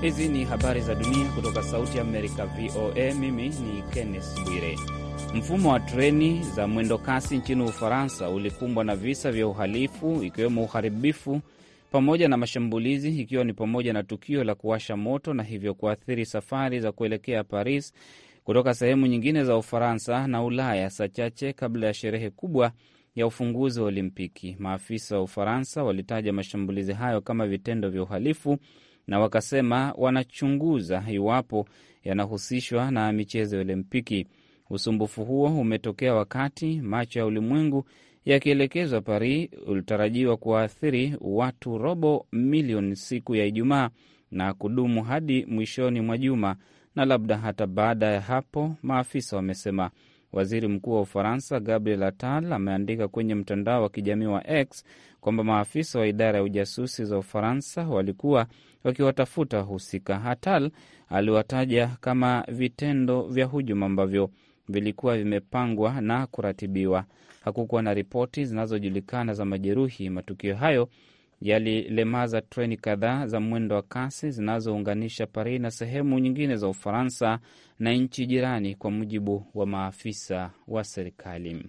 Hizi ni habari za dunia kutoka Sauti ya Amerika, VOA. Mimi ni Kenneth Bwire. Mfumo wa treni za mwendo kasi nchini Ufaransa ulikumbwa na visa vya uhalifu, ikiwemo uharibifu pamoja na mashambulizi, ikiwa ni pamoja na tukio la kuwasha moto na hivyo kuathiri safari za kuelekea Paris kutoka sehemu nyingine za Ufaransa na Ulaya saa chache kabla ya sherehe kubwa ya ufunguzi wa Olimpiki. Maafisa wa Ufaransa walitaja mashambulizi hayo kama vitendo vya uhalifu na wakasema wanachunguza iwapo yanahusishwa na michezo ya Olimpiki. Usumbufu huo umetokea wakati macho ya ulimwengu yakielekezwa Paris, ulitarajiwa kuwaathiri watu robo milioni siku ya Ijumaa na kudumu hadi mwishoni mwa juma na labda hata baada ya hapo, maafisa wamesema. Waziri Mkuu wa Ufaransa Gabriel Attal ameandika kwenye mtandao wa kijamii wa X kwamba maafisa wa idara ya ujasusi za Ufaransa walikuwa wakiwatafuta wahusika. Attal aliwataja kama vitendo vya hujuma ambavyo vilikuwa vimepangwa na kuratibiwa. Hakukuwa na ripoti zinazojulikana za majeruhi. Matukio hayo yalilemaza treni kadhaa za mwendo wa kasi zinazounganisha Paris na sehemu nyingine za Ufaransa na nchi jirani, kwa mujibu wa maafisa wa serikali.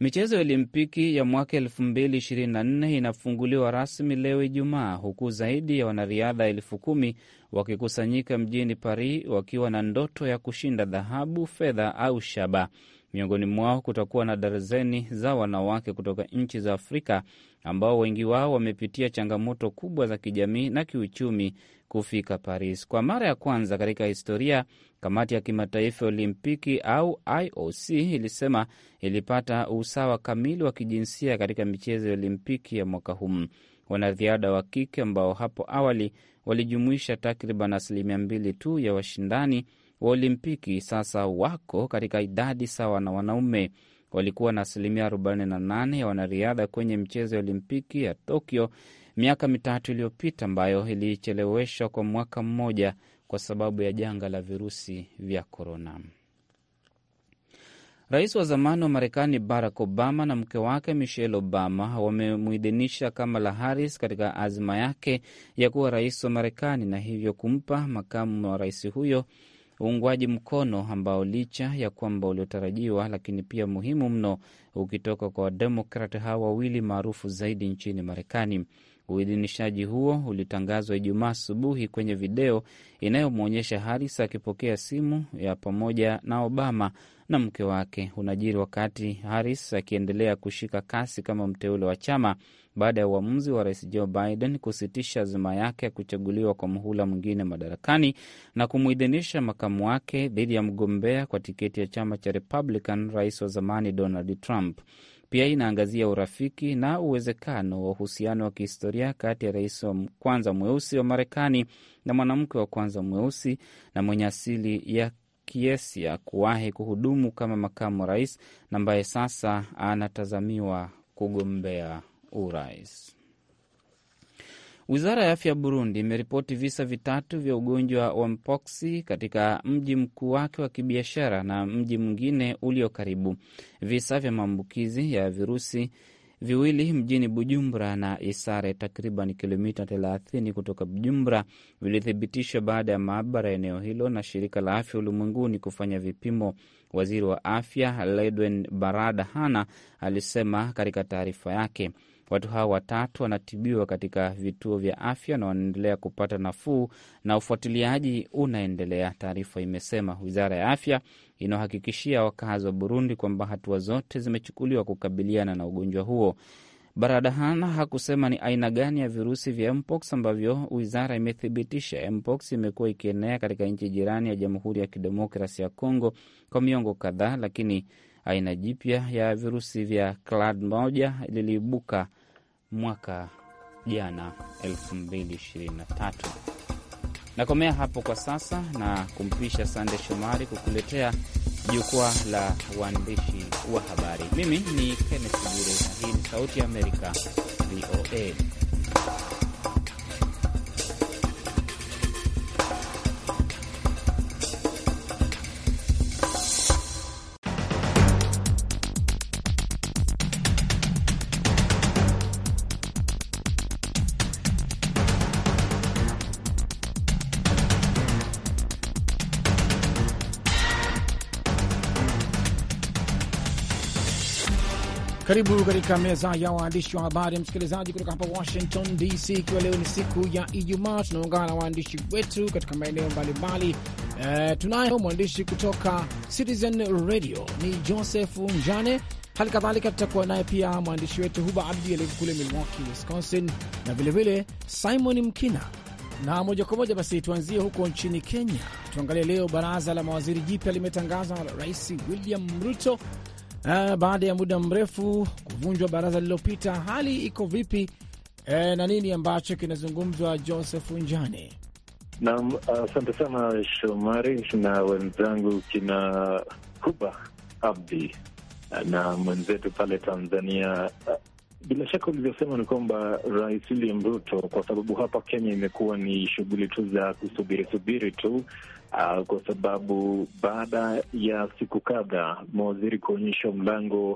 Michezo ya Olimpiki ya mwaka 2024 inafunguliwa rasmi leo Ijumaa, huku zaidi ya wanariadha elfu kumi wakikusanyika mjini Paris wakiwa na ndoto ya kushinda dhahabu, fedha au shaba. Miongoni mwao kutakuwa na darzeni za wanawake kutoka nchi za Afrika ambao wengi wao wamepitia changamoto kubwa za kijamii na kiuchumi kufika Paris. Kwa mara ya kwanza katika historia, kamati ya kimataifa ya Olimpiki au IOC ilisema ilipata usawa kamili wa kijinsia katika michezo ya Olimpiki ya mwaka huu. Wanariadha wa kike ambao hapo awali walijumuisha takriban asilimia mbili tu ya washindani wa Olimpiki sasa wako katika idadi sawa na wanaume. Walikuwa na asilimia 48 ya wanariadha kwenye mchezo ya Olimpiki ya Tokyo miaka mitatu iliyopita, ambayo ilicheleweshwa kwa mwaka mmoja kwa sababu ya janga la virusi vya korona. Rais wa zamani wa Marekani Barack Obama na mke wake Michelle Obama wamemwidhinisha Kamala Harris katika azima yake ya kuwa rais wa Marekani na hivyo kumpa makamu wa rais huyo uungwaji mkono ambao licha ya kwamba uliotarajiwa, lakini pia muhimu mno ukitoka kwa Wademokrat hawa wawili maarufu zaidi nchini Marekani. Uidhinishaji huo ulitangazwa Ijumaa asubuhi kwenye video inayomwonyesha Haris akipokea simu ya pamoja na Obama na mke wake. Unajiri wakati Haris akiendelea kushika kasi kama mteule wa chama baada ya uamuzi wa rais Joe Biden kusitisha azima yake ya kuchaguliwa kwa muhula mwingine madarakani na kumwidhinisha makamu wake dhidi ya mgombea kwa tiketi ya chama cha Republican, rais wa zamani Donald Trump. Pia inaangazia urafiki na uwezekano wa uhusiano wa kihistoria kati ya rais wa kwanza mweusi wa Marekani na mwanamke wa kwanza mweusi na mwenye asili ya Kiesia kuwahi kuhudumu kama makamu rais na ambaye sasa anatazamiwa kugombea urais. Wizara ya afya ya Burundi imeripoti visa vitatu vya ugonjwa wa mpoksi katika mji mkuu wake wa kibiashara na mji mwingine ulio karibu. Visa vya maambukizi ya virusi viwili mjini Bujumbura na Isare, takriban kilomita 30 kutoka Bujumbura, vilithibitishwa baada ya maabara ya eneo hilo na shirika la afya ulimwenguni kufanya vipimo. Waziri wa afya Ledwen Barada Hana alisema katika taarifa yake Watu hao watatu wanatibiwa katika vituo vya afya na wanaendelea kupata nafuu na ufuatiliaji unaendelea, taarifa imesema. Wizara ya afya inaohakikishia wakazi wa Burundi kwamba hatua zote zimechukuliwa kukabiliana na ugonjwa huo. Baradahana hakusema ni aina gani ya virusi vya mpox ambavyo wizara imethibitisha. Mpox imekuwa ikienea katika nchi jirani ya Jamhuri ya Kidemokrasi ya congo kwa miongo kadhaa, lakini aina jipya ya virusi vya clade moja liliibuka mwaka jana 2023. Nakomea hapo kwa sasa na kumpisha Sande Shomari kukuletea jukwaa la waandishi wa habari. Mimi ni Kenneth Bure, hii ni Sauti ya Amerika, VOA. Karibu katika meza ya waandishi wa habari, msikilizaji, kutoka hapa Washington DC, ikiwa leo ni siku ya Ijumaa, tunaungana na waandishi wetu katika maeneo mbalimbali. E, tunayo mwandishi kutoka Citizen Radio ni Joseph Njane. Hali kadhalika tutakuwa naye pia mwandishi wetu Huba Abdi aliyeko kule Milwaukee, Wisconsin, na vilevile Simon Mkina. Na moja kwa moja basi tuanzie huko nchini Kenya, tuangalie leo baraza la mawaziri jipya limetangazwa na Rais William Ruto Uh, baada ya muda mrefu kuvunjwa baraza lililopita, hali iko vipi? E, na nini ambacho kinazungumzwa, Joseph Njane? Naam, asante uh, sana Shomari na wenzangu kina kuba Abdi na mwenzetu pale Tanzania. Bila shaka ulivyosema ni kwamba Rais William Ruto, kwa sababu hapa Kenya imekuwa ni shughuli tu za kusubiri subiri tu uh, kwa sababu baada ya siku kadhaa mawaziri kuonyesha mlango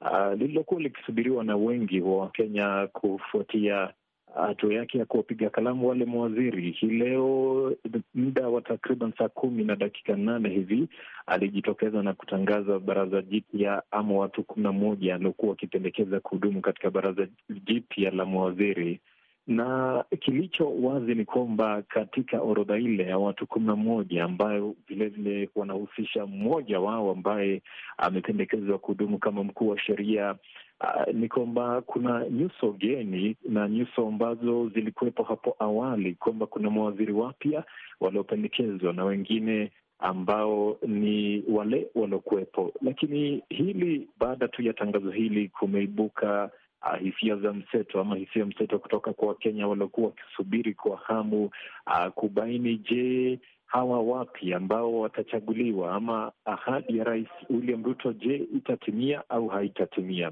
uh, lililokuwa likisubiriwa na wengi wa Wakenya kufuatia hatua yake ya kuwapiga kalamu wale mawaziri. Hii leo muda wa takriban saa kumi na dakika nane hivi alijitokeza na kutangaza baraza jipya ama watu kumi na moja aliokuwa wakipendekeza kuhudumu katika baraza jipya la mawaziri na kilicho wazi ni kwamba katika orodha ile ya watu kumi na moja ambayo vilevile wanahusisha mmoja wao ambaye amependekezwa kuhudumu kama mkuu wa sheria uh, ni kwamba kuna nyuso geni na nyuso ambazo zilikuwepo hapo awali, kwamba kuna mawaziri wapya waliopendekezwa na wengine ambao ni wale waliokuwepo, lakini hili baada tu ya tangazo hili kumeibuka uh, hisia za mseto ama hisia mseto kutoka kwa Wakenya waliokuwa wakisubiri kwa hamu uh, kubaini je, hawa wapi ambao watachaguliwa ama ahadi ya Rais William Ruto je, itatimia au haitatimia?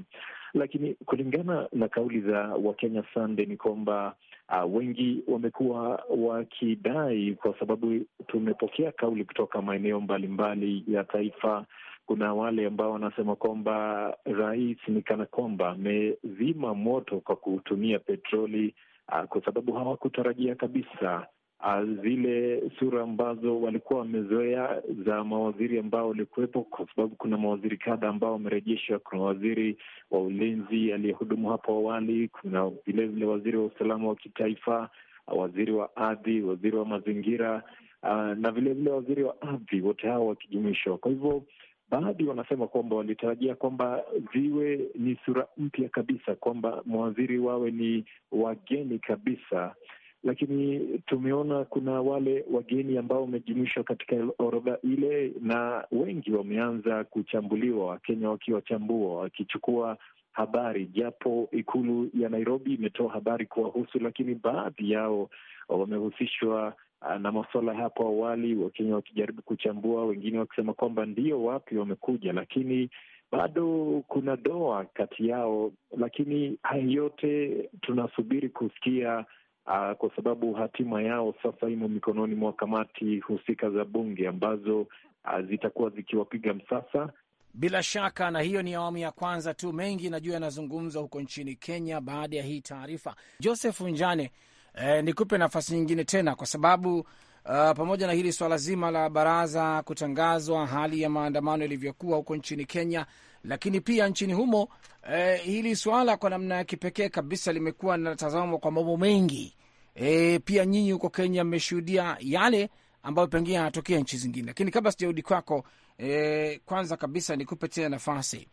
Lakini kulingana na kauli za Wakenya Sunday ni kwamba Uh, wengi wamekuwa wakidai kwa sababu tumepokea kauli kutoka maeneo mbalimbali ya taifa. Kuna wale ambao wanasema kwamba rais ni kana kwamba amezima moto kwa kutumia petroli, uh, kwa sababu hawakutarajia kabisa Ah, zile sura ambazo walikuwa wamezoea za mawaziri ambao walikuwepo, kwa sababu kuna mawaziri kadha ambao wamerejeshwa. Kuna waziri wa ulinzi aliyehudumu hapo awali, kuna vilevile waziri wa usalama wa kitaifa, waziri wa ardhi, waziri wa mazingira uh, na vilevile waziri wa ardhi, wote hao wakijumuishwa. Kwa hivyo baadhi wanasema kwamba walitarajia kwamba ziwe ni sura mpya kabisa, kwamba mawaziri wawe ni wageni kabisa lakini tumeona kuna wale wageni ambao wamejumuishwa katika orodha ile, na wengi wameanza kuchambuliwa, Wakenya wakiwachambua, wakichukua habari, japo ikulu ya Nairobi imetoa habari kuwahusu, lakini baadhi yao wamehusishwa ah, na masuala hapo awali, Wakenya wakijaribu kuchambua, wengine wakisema kwamba ndio wapi wamekuja, lakini bado kuna doa kati yao. Lakini haya yote tunasubiri kusikia uh, kwa sababu hatima yao sasa imo mikononi mwa kamati husika za bunge ambazo uh, zitakuwa zikiwapiga msasa. Bila shaka, na hiyo ni awamu ya kwanza tu. Mengi najua yanazungumzwa huko nchini Kenya baada ya hii taarifa. Joseph Njane, eh, nikupe nafasi nyingine tena kwa sababu Uh, pamoja na hili swala zima la baraza kutangazwa, hali ya maandamano ilivyokuwa huko nchini Kenya, lakini pia nchini humo eh, hili swala kwa namna ya kipekee kabisa limekuwa linatazamwa kwa mambo mengi. Eh, pia nyinyi huko Kenya mmeshuhudia yale ambayo pengine yanatokea nchi zingine, lakini kabla sijarudi kwako, eh, kwanza kabisa nikupe tena nafasi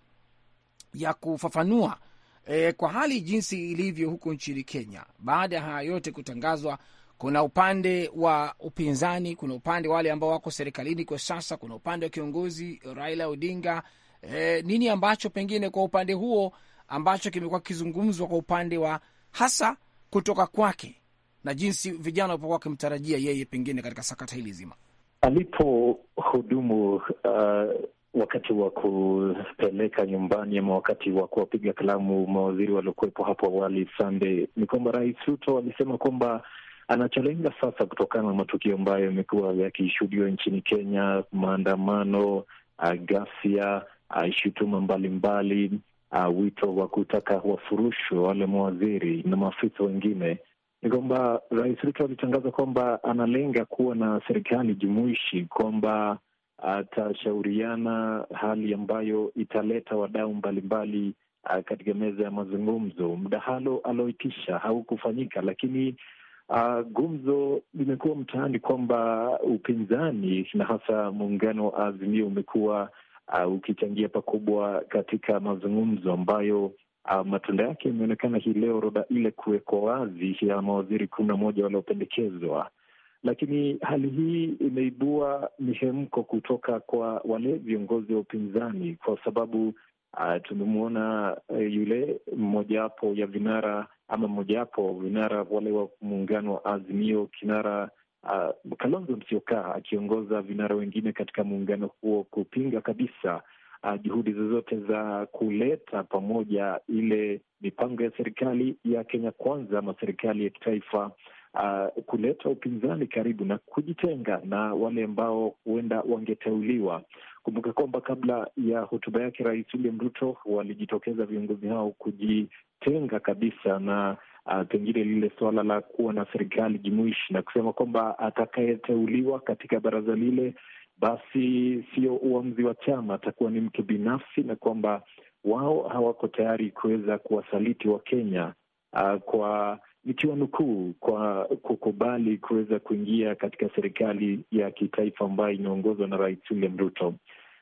ya kufafanua eh, kwa hali jinsi ilivyo huko nchini Kenya baada ya haya yote kutangazwa. Kuna upande wa upinzani, kuna upande wale ambao wako serikalini kwa sasa, kuna upande wa kiongozi Raila Odinga e, nini ambacho pengine kwa upande huo ambacho kimekuwa kikizungumzwa kwa upande wa hasa kutoka kwake na jinsi vijana walipokuwa wakimtarajia yeye pengine katika sakata hili zima alipohudumu uh wakati wa kupeleka nyumbani ama wakati wa kuwapiga kalamu mawaziri waliokuwepo hapo awali, Sande, ni kwamba Rais Ruto alisema kwamba anacholenga sasa kutokana na matukio ambayo yamekuwa yakishuhudiwa nchini Kenya, maandamano, uh, ghasia uh, shutuma mbalimbali uh, wito wa kutaka wafurushwe wale mawaziri na maafisa wengine, ni kwamba Rais Ruto alitangaza kwamba analenga kuwa na serikali jumuishi, kwamba atashauriana hali ambayo italeta wadau mbalimbali uh, katika meza ya mazungumzo. Mdahalo alioitisha haukufanyika, lakini Uh, gumzo limekuwa mtaani kwamba upinzani na hasa muungano wa Azimio umekuwa uh, ukichangia pakubwa katika mazungumzo ambayo uh, matunda yake yameonekana hii leo, roda ile kuwekwa wazi ya mawaziri kumi na moja waliopendekezwa. Lakini hali hii imeibua mihemko kutoka kwa wale viongozi wa upinzani kwa sababu uh, tumemwona uh, yule mmojawapo ya vinara ama mmojawapo vinara wale wa muungano wa Azimio, kinara uh, Kalonzo Musyoka akiongoza vinara wengine katika muungano huo kupinga kabisa uh, juhudi zozote za kuleta pamoja ile mipango ya serikali ya Kenya Kwanza ama serikali ya kitaifa uh, kuleta upinzani karibu na kujitenga na wale ambao huenda wangeteuliwa. Kumbuka kwamba kabla ya hotuba yake Rais William Ruto walijitokeza viongozi hao kujitenga kabisa na uh, pengine lile suala la kuwa na serikali jumuishi na kusema kwamba atakayeteuliwa katika baraza lile basi sio uamuzi wa chama, atakuwa ni mtu binafsi, na kwamba wao hawako tayari kuweza kuwasaliti Kenya uh, kwa nikiwanukuu, kwa kukubali kuweza kuingia katika serikali ya kitaifa ambayo inaongozwa na Rais William Ruto.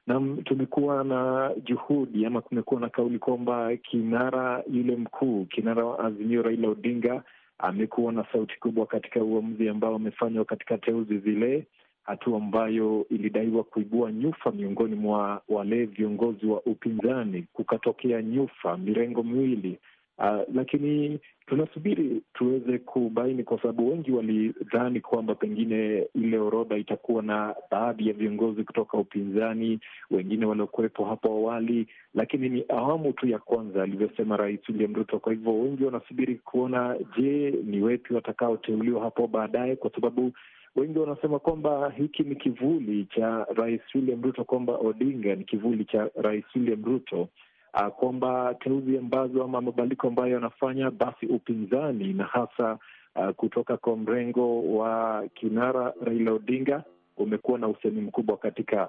Nam, tumekuwa na juhudi ama kumekuwa na kauli kwamba kinara yule mkuu, kinara wa Azimio Raila Odinga amekuwa na sauti kubwa katika uamuzi ambao amefanywa katika teuzi zile, hatua ambayo ilidaiwa kuibua nyufa miongoni mwa wale viongozi wa upinzani, kukatokea nyufa, mirengo miwili Uh, lakini tunasubiri tuweze kubaini, kwa sababu wengi walidhani kwamba pengine ile orodha itakuwa na baadhi ya viongozi kutoka upinzani, wengine waliokuwepo hapo awali, lakini ni awamu tu ya kwanza, alivyosema Rais William Ruto. Kwa hivyo wengi wanasubiri kuona, je, ni wepi watakaoteuliwa hapo baadaye, kwa sababu wengi wanasema kwamba hiki ni kivuli cha Rais William Ruto, kwamba Odinga ni kivuli cha Rais William Ruto uh, kwamba teuzi ambazo ama mabadiliko ambayo yanafanya basi upinzani na hasa uh, kutoka kwa mrengo wa kinara Raila Odinga umekuwa na usemi mkubwa katika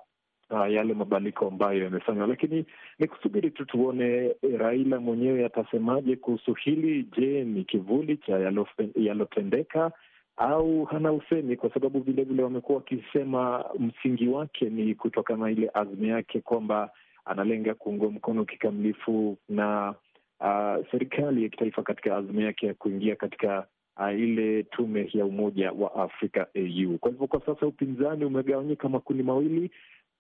Uh, yale mabadiliko ambayo yamefanywa, lakini ni kusubiri tu tuone eh, Raila mwenyewe atasemaje kuhusu hili. Je, ni kivuli cha yalotendeka au hana usemi? Kwa sababu vilevile wamekuwa wakisema msingi wake ni kutokana na ile azmi yake kwamba analenga kuungwa mkono kikamilifu na uh, serikali ya kitaifa katika azma yake ya kuingia katika uh, ile tume ya Umoja wa Afrika AU. Kwa hivyo, kwa sasa upinzani umegawanyika makundi mawili,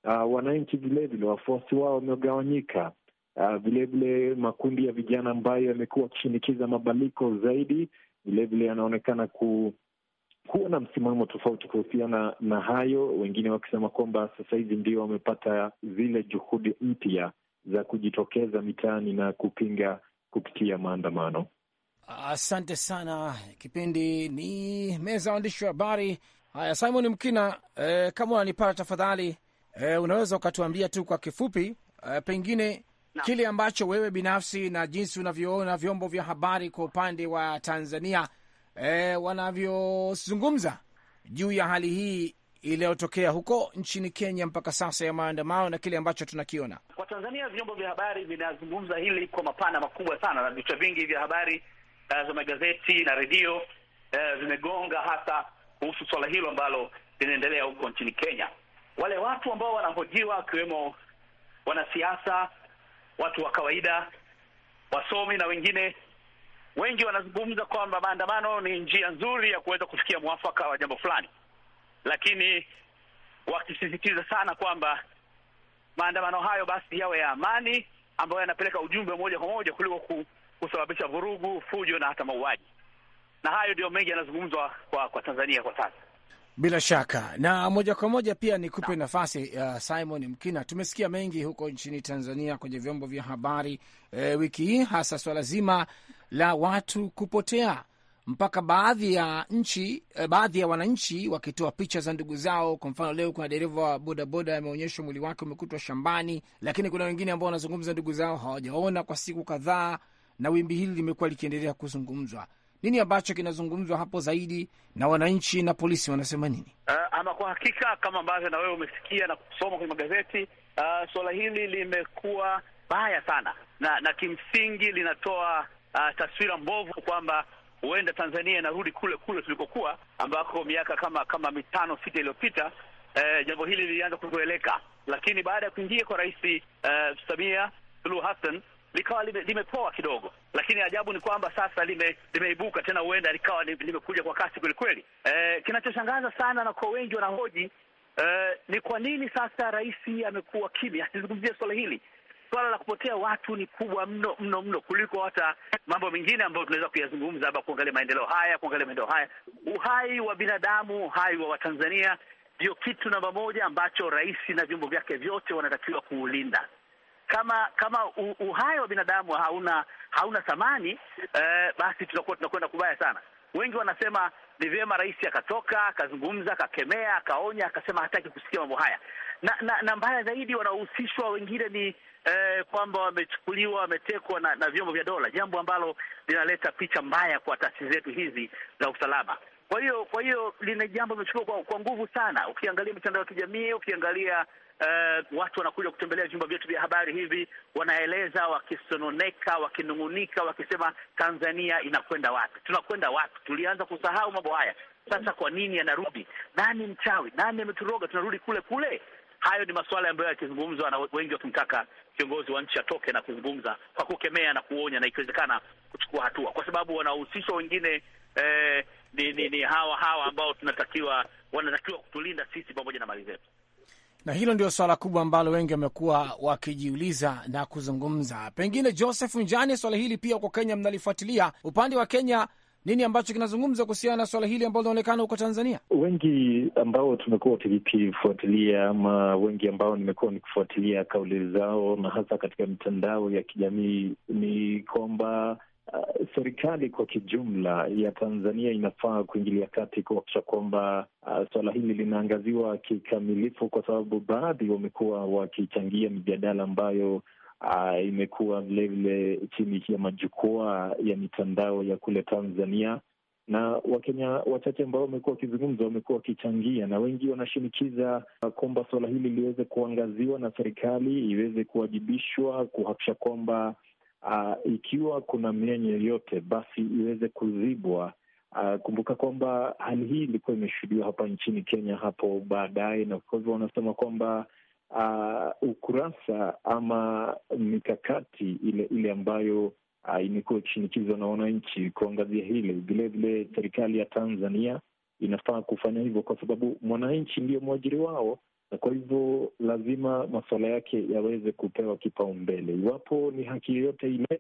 uh, wananchi vilevile wafuasi wao wamegawanyika vilevile, uh, makundi ya vijana ambayo yamekuwa akishinikiza mabadiliko zaidi vilevile yanaonekana ku kuwa na msimamo tofauti kuhusiana na hayo, wengine wakisema kwamba sasa hivi ndio wamepata zile juhudi mpya za kujitokeza mitaani na kupinga kupitia maandamano. Asante sana. Kipindi ni meza waandishi wa habari. Haya, Simon Mkina, e, kama unanipata tafadhali, e, unaweza ukatuambia tu kwa kifupi, e, pengine na kile ambacho wewe binafsi na jinsi unavyoona vyombo vya habari kwa upande wa Tanzania e, wanavyozungumza juu ya hali hii iliyotokea huko nchini Kenya mpaka sasa ya maandamano na kile ambacho tunakiona kwa Tanzania. Vyombo vya habari vinazungumza hili kwa mapana makubwa sana, na vichwa vingi vya habari uh, za magazeti na redio uh, eh, vimegonga hasa kuhusu swala hilo ambalo linaendelea huko nchini Kenya. Wale watu ambao wanahojiwa akiwemo wanasiasa, watu wa kawaida, wasomi na wengine Wengi wanazungumza kwamba maandamano ni njia nzuri ya kuweza kufikia mwafaka wa jambo fulani, lakini wakisisitiza sana kwamba maandamano hayo basi yawe ya amani ambayo yanapeleka ujumbe moja kwa moja kuliko kusababisha vurugu, fujo na hata mauaji. Na hayo ndio mengi yanazungumzwa kwa, kwa Tanzania kwa sasa. Bila shaka na moja kwa moja pia nikupe kupe nafasi uh, Simon Mkina, tumesikia mengi huko nchini Tanzania kwenye vyombo vya habari e, wiki hii hasa swala zima la watu kupotea mpaka baadhi ya nchi eh, baadhi ya wananchi wakitoa picha za ndugu zao. Kwa mfano leo kuna dereva wa bodaboda ameonyeshwa mwili wake umekutwa shambani, lakini kuna wengine ambao wanazungumza ndugu zao hawajaona kwa siku kadhaa, na wimbi hili limekuwa likiendelea kuzungumzwa. Nini ambacho kinazungumzwa hapo zaidi, na wananchi na polisi wanasema nini? Uh, ama kwa hakika kama ambavyo na wewe umesikia na kusoma kwenye magazeti uh, suala hili limekuwa baya sana na, na kimsingi linatoa uh, taswira mbovu kwamba huenda Tanzania inarudi kule kule tulikokuwa ambako miaka kama kama mitano sita iliyopita eh, jambo hili lilianza kuzoeleka, lakini baada ya kuingia kwa Rais eh, Samia Suluhu Hassan likawa limepoa lime kidogo, lakini ajabu ni kwamba sasa lime, limeibuka tena, huenda likawa limekuja kwa kasi kwelikweli. E, eh, kinachoshangaza sana na kwa wengi wanahoji e, ni kwa nini sasa rais amekuwa kimya, asizungumzie swala hili. Swala la kupotea watu ni kubwa mno mno mno kuliko hata mambo mengine ambayo tunaweza kuyazungumza, labda kuangalia maendeleo haya, kuangalia maendeleo haya, uhai wa binadamu, uhai wa Watanzania ndio kitu namba moja ambacho rais na vyombo vyake vyote wanatakiwa kuulinda kama kama uhai wa binadamu hauna hauna thamani eh, basi tunakuwa tunakwenda kubaya sana. Wengi wanasema ni vyema rais akatoka akazungumza akakemea akaonya akasema hataki kusikia mambo haya, na na, na mbaya zaidi wanaohusishwa wengine ni eh, kwamba wamechukuliwa wametekwa na, na vyombo vya dola, jambo ambalo linaleta picha mbaya kwa taasisi zetu hizi za usalama. Kwa hiyo kwa hiyo lina jambo limechukuliwa kwa, kwa nguvu sana. Ukiangalia mitandao ya kijamii, ukiangalia uh, watu wanakuja kutembelea vyumba vyetu vya habari hivi, wanaeleza wakisononeka, wakinung'unika, wakisema Tanzania inakwenda wapi? Tunakwenda wapi? Tulianza kusahau mambo haya, sasa kwa nini yanarudi? Nani mchawi? Nani ameturoga? Tunarudi kule kule. Hayo ni masuala ambayo yakizungumzwa na wengi wakimtaka kiongozi wa nchi atoke na kuzungumza kwa kukemea na kuonya na ikiwezekana kuchukua hatua, kwa sababu wanahusishwa wengine eh, ni, ni, ni hawa hawa ambao tunatakiwa wanatakiwa kutulinda sisi pamoja na mali zetu na hilo ndio swala kubwa ambalo wengi wamekuwa wakijiuliza na kuzungumza. Pengine Joseph Njani, swala hili pia huko Kenya mnalifuatilia. Upande wa Kenya, nini ambacho kinazungumza kuhusiana na swala hili ambalo linaonekana huko Tanzania? Wengi ambao tumekuwa tukifuatilia ama wengi ambao nimekuwa nikifuatilia kauli zao na hasa katika mitandao ya kijamii ni kwamba Uh, serikali kwa kijumla ya Tanzania inafaa kuingilia kati kuakisha kwamba uh, suala hili linaangaziwa kikamilifu, kwa sababu baadhi wamekuwa wakichangia mijadala ambayo uh, imekuwa vilevile chini ya majukwaa ya mitandao ya kule Tanzania, na Wakenya wachache ambao wamekuwa wakizungumza wamekuwa wakichangia, na wengi wanashinikiza uh, kwamba suala hili liweze kuangaziwa na serikali iweze kuwajibishwa kuhakikisha kwamba uh, ikiwa kuna mianya yoyote basi iweze kuzibwa. Uh, kumbuka kwamba hali hii ilikuwa imeshuhudiwa hapa nchini Kenya hapo baadaye, na kwa hivyo wanasema kwamba uh, ukurasa ama mikakati ile ile ambayo uh, imekuwa ikishinikizwa na wananchi kuangazia hili, vilevile serikali ya Tanzania inafaa kufanya hivyo, kwa sababu mwananchi ndio mwajiri wao na kwa hivyo lazima masuala yake yaweze kupewa kipaumbele. Iwapo ni haki yoyote ile,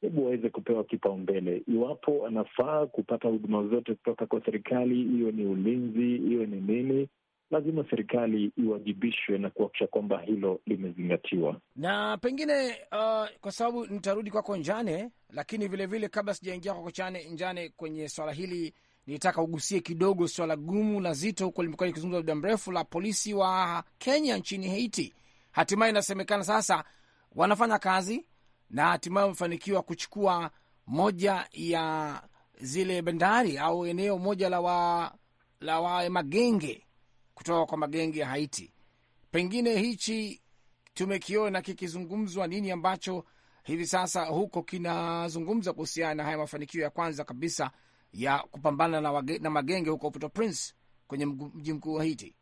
hebu waweze kupewa kipaumbele. Iwapo anafaa kupata huduma zote kutoka kwa serikali, iwe ni ulinzi, iwe ni nini lazima serikali iwajibishwe na kuhakikisha kwamba hilo limezingatiwa. Na pengine uh, kwa sababu nitarudi kwako Njane, lakini vilevile kabla sijaingia kwako Njane kwenye swala hili nilitaka ugusie kidogo swala gumu la zito huko limekuwa likizungumza muda mrefu la polisi wa Kenya nchini Haiti. Hatimaye inasemekana sasa wanafanya kazi na hatimaye wamefanikiwa kuchukua moja ya zile bandari au eneo moja la wa, la wa magenge kutoka kwa magenge ya Haiti. Pengine hichi tumekiona kikizungumzwa, nini ambacho hivi sasa huko kinazungumza kuhusiana na haya mafanikio ya kwanza kabisa ya kupambana na, wage, na magenge huko Port au Prince kwenye mji mkuu wa Haiti?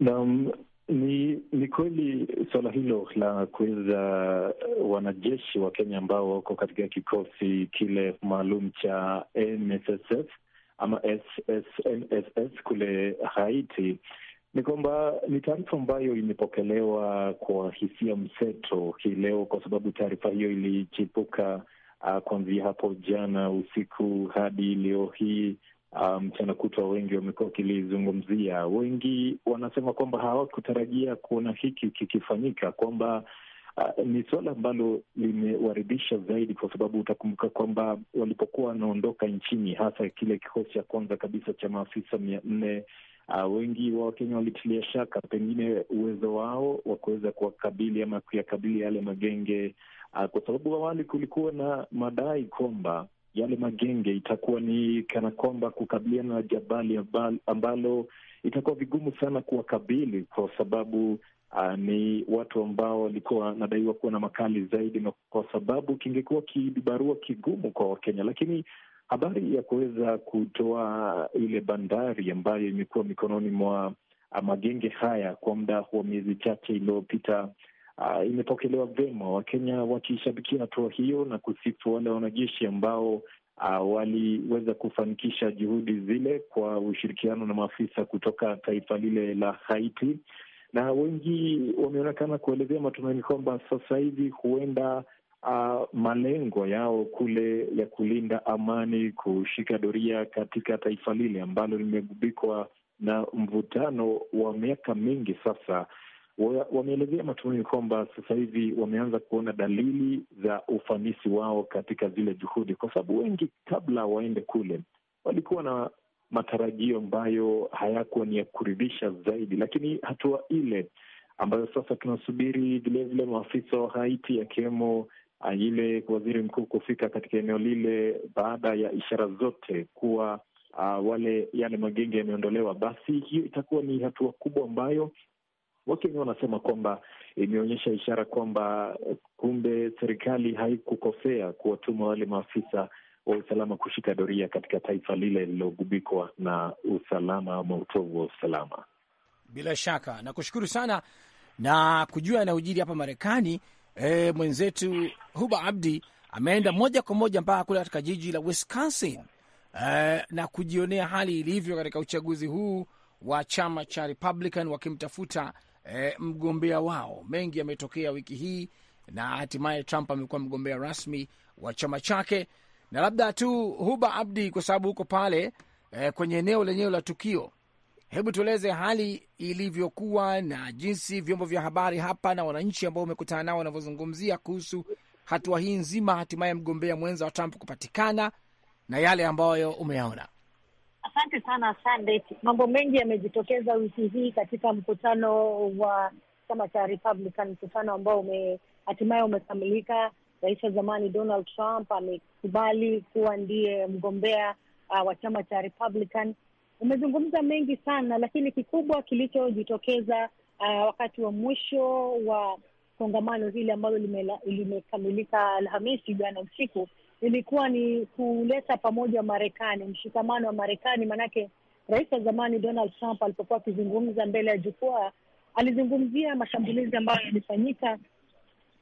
Naam, ni ni kweli suala hilo la kuweza wanajeshi wa Kenya ambao wako katika kikosi kile maalum cha NSSF ama SSNSS kule Haiti ni kwamba ni taarifa ambayo imepokelewa kwa hisia mseto hii leo, kwa sababu taarifa hiyo ilichipuka uh, kuanzia hapo jana usiku hadi leo hii ah, mchana um, kutwa, wengi wamekuwa wakilizungumzia. Wengi wanasema kwamba hawakutarajia kuona hiki kikifanyika, kwamba uh, ni suala ambalo limewaridhisha zaidi, kwa sababu utakumbuka kwamba walipokuwa wanaondoka nchini, hasa kile kikosi cha kwanza kabisa cha maafisa mia nne Uh, wengi wa Wakenya walitilia shaka pengine uwezo wao wa kuweza kuwakabili ama kuyakabili yale magenge Ah, kwa sababu awali kulikuwa na madai kwamba yale magenge itakuwa ni kana kwamba kukabiliana na jabali ambalo itakuwa vigumu sana kuwakabili kwa sababu Uh, ni watu ambao walikuwa wanadaiwa kuwa na makali zaidi, na kwa sababu kingekuwa kibarua kigumu kwa Wakenya. Lakini habari ya kuweza kutoa ile bandari ambayo imekuwa mikononi mwa ah, magenge haya kwa muda wa miezi chache iliyopita uh, imepokelewa vyema, Wakenya wakishabikia hatua hiyo na kusifu wale wanajeshi ambao Uh, waliweza kufanikisha juhudi zile kwa ushirikiano na maafisa kutoka taifa lile la Haiti, na wengi wameonekana kuelezea matumaini kwamba sasa hivi huenda uh, malengo yao kule ya kulinda amani, kushika doria katika taifa lile ambalo limegubikwa na mvutano wa miaka mingi sasa wameelezea matumaini kwamba sasa hivi wameanza kuona dalili za ufanisi wao katika zile juhudi, kwa sababu wengi kabla waende kule walikuwa na matarajio ambayo hayakuwa ni ya kuridhisha zaidi, lakini hatua ile ambayo sasa tunasubiri vilevile maafisa wa Haiti akiwemo ah, yule waziri mkuu kufika katika eneo lile, baada ya ishara zote kuwa uh, wale yale magenge yameondolewa, basi hiyo itakuwa ni hatua kubwa ambayo Wakenya wanasema kwamba imeonyesha ishara kwamba eh, kumbe serikali haikukosea kuwatuma wale maafisa wa usalama kushika doria katika taifa lile lililogubikwa na usalama ama utovu wa usalama. Bila shaka nakushukuru sana na kujua yanayojiri hapa Marekani. E, mwenzetu Huba Abdi ameenda moja kwa moja mpaka kule katika jiji la Wisconsin e, na kujionea hali ilivyo katika uchaguzi huu wa chama cha Republican wakimtafuta e, mgombea wao. Mengi yametokea wiki hii na hatimaye Trump amekuwa mgombea rasmi wa chama chake. Na labda tu Huba Abdi, kwa sababu huko pale e, kwenye eneo lenyewe la tukio, hebu tueleze hali ilivyokuwa na jinsi vyombo vya habari hapa na wananchi ambao umekutana nao wanavyozungumzia kuhusu hatua hii nzima, hatimaye mgombea mwenza wa Trump kupatikana na yale ambayo umeyaona. Asante sana Sandet. Mambo mengi yamejitokeza wiki hii katika mkutano wa chama cha Republican, mkutano ambao ume, hatimaye umekamilika. Rais wa zamani Donald Trump amekubali kuwa ndiye mgombea uh, wa chama cha Republican. Umezungumza mengi sana, lakini kikubwa kilichojitokeza uh, wakati wa mwisho wa kongamano hili ambalo limekamilika Alhamisi jana usiku ilikuwa ni kuleta pamoja Marekani, mshikamano wa Marekani. Maanake rais wa zamani Donald Trump alipokuwa akizungumza mbele ya jukwaa, alizungumzia mashambulizi ambayo yalifanyika,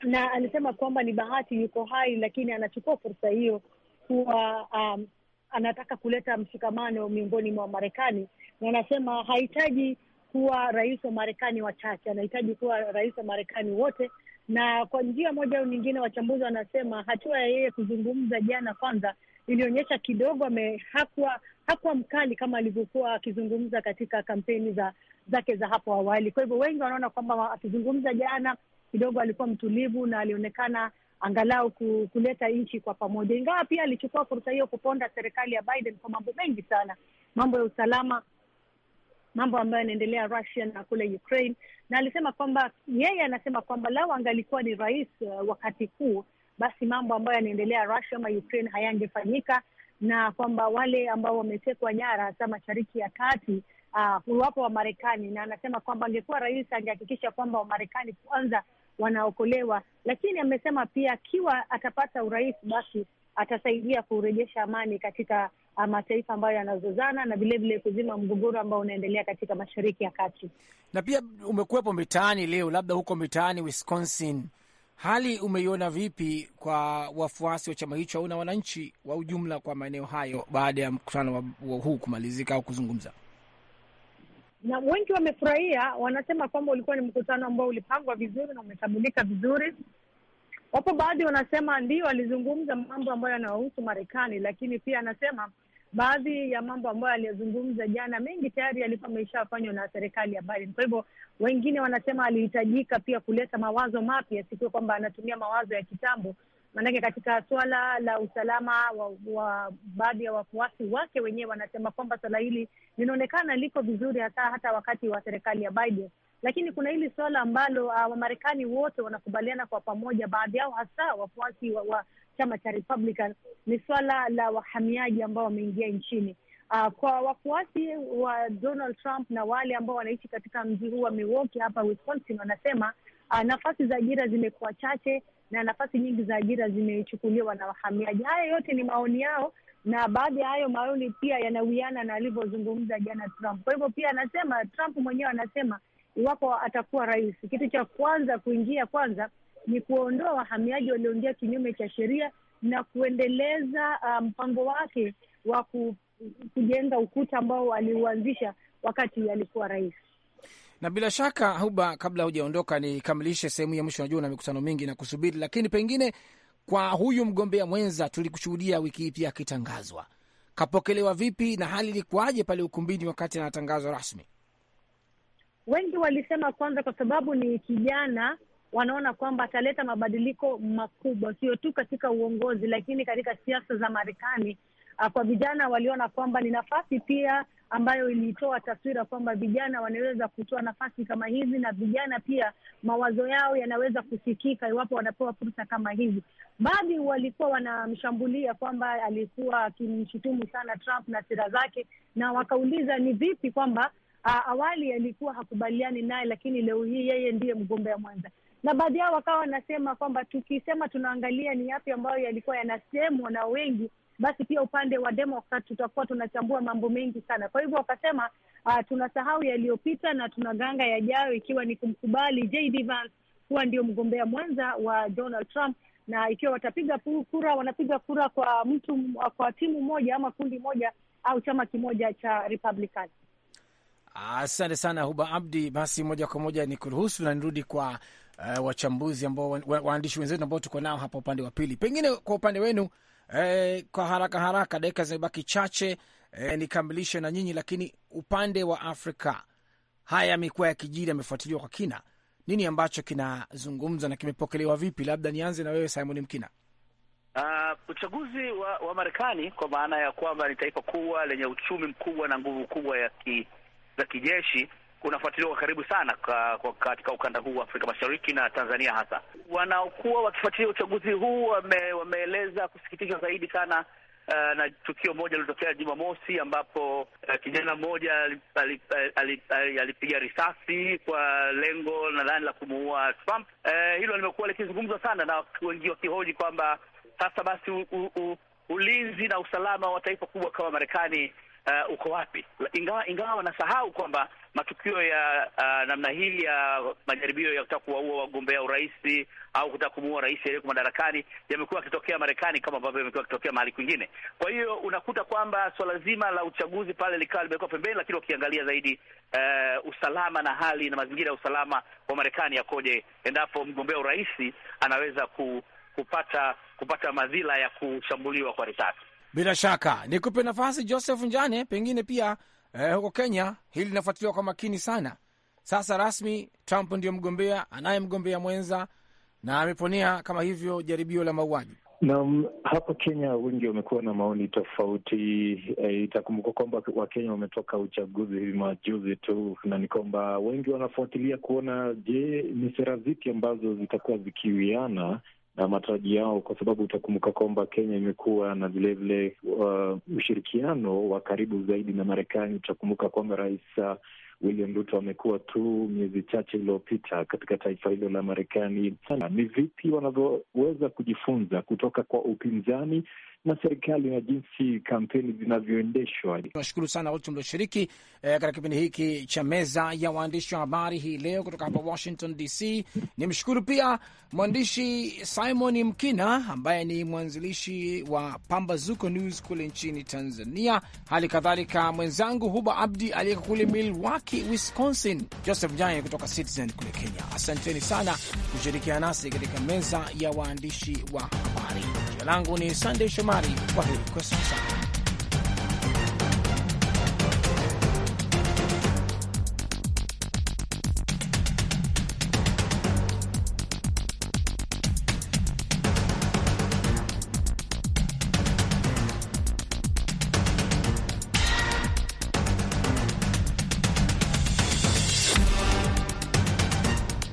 na alisema kwamba ni bahati yuko hai, lakini anachukua fursa hiyo kuwa um, anataka kuleta mshikamano miongoni mwa Marekani, na anasema hahitaji kuwa rais wa Marekani wachache, anahitaji kuwa rais wa Marekani wote, na kwa njia moja au nyingine, wachambuzi wanasema hatua ya yeye kuzungumza jana kwanza ilionyesha kidogo hakuwa hakuwa mkali kama alivyokuwa akizungumza katika kampeni za zake za hapo awali. Kwa hivyo wengi wanaona kwamba akizungumza jana kidogo alikuwa mtulivu na alionekana angalau kuleta nchi kwa pamoja, ingawa pia alichukua fursa hiyo kuponda serikali ya Biden kwa mambo mengi sana, mambo ya usalama, mambo ambayo yanaendelea Russia na kule Ukraine, na alisema kwamba yeye anasema kwamba lau angalikuwa ni rais uh, wakati huu, basi mambo ambayo yanaendelea Russia ama Ukraine hayangefanyika, na kwamba wale ambao wametekwa nyara hasa mashariki ya kati uh, wapo Wamarekani, na anasema kwamba angekuwa rais angehakikisha kwamba Wamarekani kwanza wanaokolewa, lakini amesema pia akiwa atapata urais basi atasaidia kurejesha amani katika uh, mataifa ambayo yanazozana na vilevile kuzima mgogoro ambao unaendelea katika Mashariki ya Kati. Na pia umekuwepo mitaani leo, labda huko mitaani Wisconsin, hali umeiona vipi kwa wafuasi wa chama hicho au na wananchi wa ujumla kwa maeneo hayo baada ya mkutano wa huu kumalizika au kuzungumza? Na wengi wamefurahia, wanasema kwamba ulikuwa ni mkutano ambao ulipangwa vizuri na umetambulika vizuri, Wapo baadhi wanasema ndio alizungumza mambo ambayo yanawahusu Marekani, lakini pia anasema baadhi ya mambo ambayo aliyozungumza jana, mengi tayari yalikuwa fanywa na serikali ya Biden. Kwa hivyo wengine wanasema alihitajika pia kuleta mawazo mapya, sikuwe kwamba anatumia mawazo ya kitambo, maanake katika swala la usalama wa, wa baadhi ya wafuasi wake wenyewe wanasema kwamba swala hili linaonekana liko vizuri, hasa hata wakati wa serikali ya Biden lakini kuna hili suala ambalo uh, Wamarekani wote wanakubaliana kwa pamoja, baadhi yao hasa wafuasi wa, wa chama cha Republican, ni suala la wahamiaji ambao wameingia nchini. Uh, kwa wafuasi wa Donald Trump na wale ambao wanaishi katika mji huu wa Milwaukee hapa Wisconsin, wanasema uh, nafasi za ajira zimekuwa chache na nafasi nyingi za ajira zimechukuliwa na wahamiaji. Haya yote ni maoni yao, na baadhi ya hayo maoni pia yanawiana na alivyozungumza jana Trump. Kwa hivyo pia anasema Trump mwenyewe anasema iwapo atakuwa rais, kitu cha kwanza kuingia kwanza ni kuondoa wahamiaji walioingia kinyume cha sheria na kuendeleza uh, mpango um, wake wa kujenga ukuta ambao aliuanzisha wakati alikuwa rais. Na bila shaka Huba, kabla hujaondoka, nikamilishe sehemu ya mwisho. Najua na mikutano mingi na kusubiri, lakini pengine kwa huyu mgombea mwenza tulikushuhudia wiki hii pia akitangazwa, kapokelewa vipi na hali ilikuwaje pale ukumbini wakati anatangazwa rasmi? Wengi walisema kwanza, kwa sababu ni kijana, wanaona kwamba ataleta mabadiliko makubwa, sio tu katika uongozi, lakini katika siasa za Marekani. Ah, kwa vijana waliona kwamba ni nafasi pia ambayo ilitoa taswira kwamba vijana wanaweza kutoa nafasi kama hizi, na vijana pia mawazo yao yanaweza kusikika iwapo wanapewa fursa kama hizi. Baadhi walikuwa wanamshambulia kwamba alikuwa akimshutumu sana Trump na sera zake, na wakauliza ni vipi kwamba uh, awali alikuwa hakubaliani naye, lakini leo hii yeye ndiye mgombea mwenza na baadhi yao wakawa wanasema kwamba tukisema tunaangalia ni yapi ambayo yalikuwa yanasemwa na wengi, basi pia upande wa Democrat tutakuwa tunachambua mambo mengi sana. Kwa hivyo wakasema uh, tunasahau yaliyopita na tunaganga yajayo, ikiwa ni kumkubali JD Vance kuwa ndio mgombea mwenza wa Donald Trump, na ikiwa watapiga kura, wanapiga kura kwa mtu, kwa timu moja ama kundi moja au chama kimoja cha Republican. Asante sana Huba Abdi. Basi moja kwa moja ni kuruhusu na nirudi kwa uh, wachambuzi ambao waandishi wenzetu ambao tuko nao hapa upande wa pili, pengine kwa upande wenu eh, kwa haraka haraka, dakika zimebaki chache eh, nikamilishe na nyinyi, lakini upande wa Afrika haya yamekuwa ya kijiri, yamefuatiliwa kwa kina. Nini ambacho kinazungumzwa na kimepokelewa vipi? Labda nianze na wewe Simon Mkina. Uh, uchaguzi wa, wa Marekani kwa maana ya kwamba ni taifa kubwa lenye uchumi mkubwa na nguvu kubwa ya ki za kijeshi unafuatiliwa kwa karibu sana ka, kwa katika ukanda huu wa Afrika Mashariki na Tanzania hasa. Wanaokuwa wakifuatilia uchaguzi huu wame, wameeleza kusikitishwa zaidi sana uh, na tukio moja lilotokea Jumamosi ambapo uh, kijana mmoja alipiga risasi kwa lengo nadhani la kumuua Trump. Uh, hilo limekuwa likizungumzwa sana na wengi wakihoji kwamba sasa basi u, u, u, ulinzi na usalama wa taifa kubwa kama Marekani uh, uko wapi, ingawa ingawa wanasahau kwamba matukio ya uh, namna hii ya majaribio ya kutaka kuwaua wagombea urais au kutaka kumuua rais aliyeko madarakani yamekuwa yakitokea Marekani kama ambavyo yamekuwa yakitokea mahali kwingine. Kwa hiyo unakuta kwamba swala zima la uchaguzi pale likawa limekuwa pembeni, lakini ukiangalia zaidi uh, usalama na hali na mazingira ya usalama wa Marekani yakoje, endapo mgombea urais anaweza ku, kupata kupata madhila ya kushambuliwa kwa risasi. Bila shaka nikupe nafasi Joseph Njane, pengine pia eh, huko Kenya hili linafuatiliwa kwa makini sana. Sasa rasmi Trump ndiyo mgombea anaye mgombea mwenza na ameponea kama hivyo jaribio la mauaji. Naam, hapo Kenya wengi wamekuwa na maoni tofauti. E, eh, itakumbuka kwamba Wakenya wametoka uchaguzi hivi majuzi tu, na ni kwamba wengi wanafuatilia kuona, je, ni sera zipi ambazo zitakuwa zikiwiana na matarajio yao, kwa sababu utakumbuka kwamba Kenya imekuwa na vilevile uh, ushirikiano wa karibu zaidi na Marekani. Utakumbuka kwamba rais uh, William Ruto amekuwa tu miezi chache iliyopita katika taifa hilo la Marekani. Ni vipi wanavyoweza kujifunza kutoka kwa upinzani na serikali na jinsi kampeni zinavyoendeshwa. Nashukuru sana wote mlioshiriki eh, katika kipindi hiki cha meza ya waandishi wa habari hii leo kutoka hapa Washington DC. mshukuru pia mwandishi Simon Mkina ambaye ni mwanzilishi wa Pambazuko News kule nchini Tanzania, hali kadhalika mwenzangu Huba Abdi aliyeko kule Milwaukee Milwaukee, Wisconsin. Joseph Nyaye kutoka Citizen kule Kenya, asanteni sana kushirikiana nasi katika meza ya waandishi wa habari. Jina langu ni Sandey Shomari. Kwa heri kwa sasa.